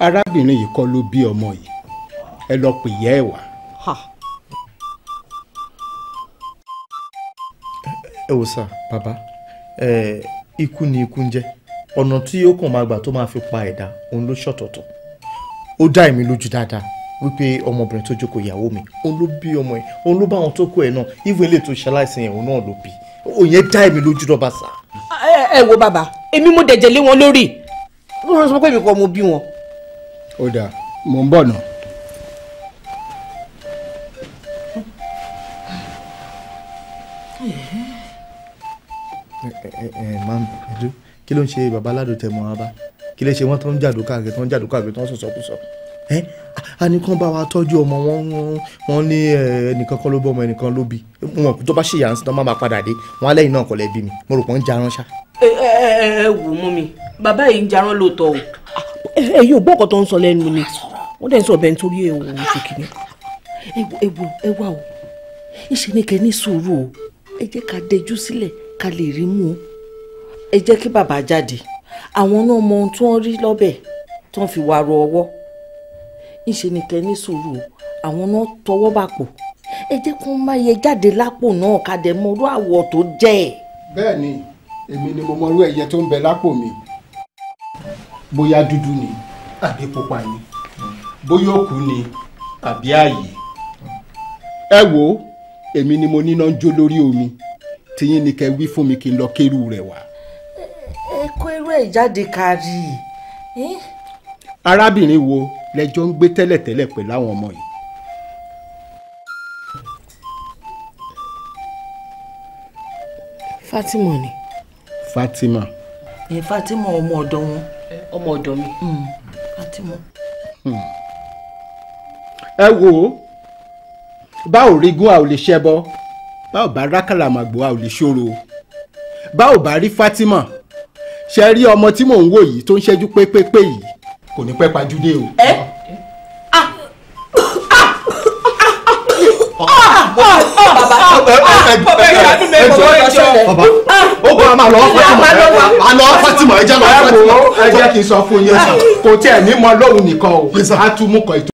arábìnrin yìí kọ ló bí ọmọ yìí ẹ lọ pè yẹ́ ẹ̀ wá. ẹ wò sá bàbá ẹ ikú ni ikú ń jẹ ọ̀nà tí ó kàn máa gbà tó máa fi pa ẹ̀dá òun ló ṣọ̀tọ̀tọ̀ ó dá èmi lójú dáadáa wípé ọmọbìnrin tó jókòó ìyàwó mi òun ló bí ọmọ ẹ òun ló bá àwọn tó kó ẹ náà ìwé lè tó ṣaláìsí yẹn òun náà ló bí òun yẹn dá èmi lójú lọ́ba sá. ẹ wo bàbá èmi mo dẹ̀jẹ̀ lé wọn lórí mo rọ sọ pé èmi kọ́ mo bí wọn. ó dáa mò ń bọ̀ náà. ẹ ẹ máa ń kí ló ń ṣe bàbá aládùn tẹ̀ mọ́ wa bá kí ló ń ṣe wọ́n tó ń jàdó káàkiri tó ń jàdó káàkiri tó ń sọ̀sọ̀ a ní kán bá wa tọ́jú ọmọ wọn wọn ní ẹnìkan kan ló bí ọmọ ẹnìkan ló bí wọn tó bá ṣe yàrá sí tán máa padà dé wọn alẹ́ yìí náà kọ̀ lẹ́ bí mi mo rò pé ń jarán ṣá. ẹ ẹ ẹ wò mú mi bàbá yìí ń jarán lóòótọ́ o. ẹ yóò gbọ́ ọ̀kan tó ń sọ lẹ́nu ni wọ́n dẹ̀ ń sọ bẹ́ẹ̀ nítorí ẹ̀ wò oṣù kìíní. ẹ wo o ìṣe ni kẹ́ ní sùúrù o ẹ jẹ́ ká dejú sílẹ̀ ká lè rí mú o ẹ jẹ́ kí bàbá jáde àwọn náà mọ ohun tí wọ́n rí lọ́bẹ̀ tí wọ́n fi wá ọwọ́ ńṣe ni kẹ́ ní sùúrù o àwọn náà tọwọ́ bà pọ̀ ẹ jẹ́ kó má yẹ jáde lápò náà ká dẹ̀ mọ orú àwọ̀ tó jẹ́. bẹ́ẹ̀ èmi ni mo mọ irú ẹyẹ tó ń bẹ lápò mi bóyá dúdú ni àbí pupa ni bóyá òkú ni àbí ààyè ẹ wo èmi ni mo níná ń jó lórí omi tiyín ni kẹ́ wí fún mi kí n lọ kérú rẹ̀ wá. ẹ kó irú ẹ̀ jáde kárí. arábìnrin wo lẹ́jọ́ ń gbé tẹ́lẹ̀tẹ́lẹ̀ pẹ̀lú àwọn ọmọ yìí. Fatima ni. Fatima. ẹ Fatima ọmọ ọ̀dọ̀ wọn ọmọ ọ̀dọ̀ mi. Hmm, Fatima. Hmm. ẹ wo bá ò a ò lè ṣẹbọ bá ò bá rákàlà màgbò a ò lè ṣòro bá ò bá rí Fatima ṣe rí ọmọ tí mò ń wò yìí tó ń ṣẹ́jú pépépé yìí kò ní pẹ́ pajúdé o. ẹ a kò tẹ̀ ní mọ lóhùn nìkan o a tún mú kọ ètò.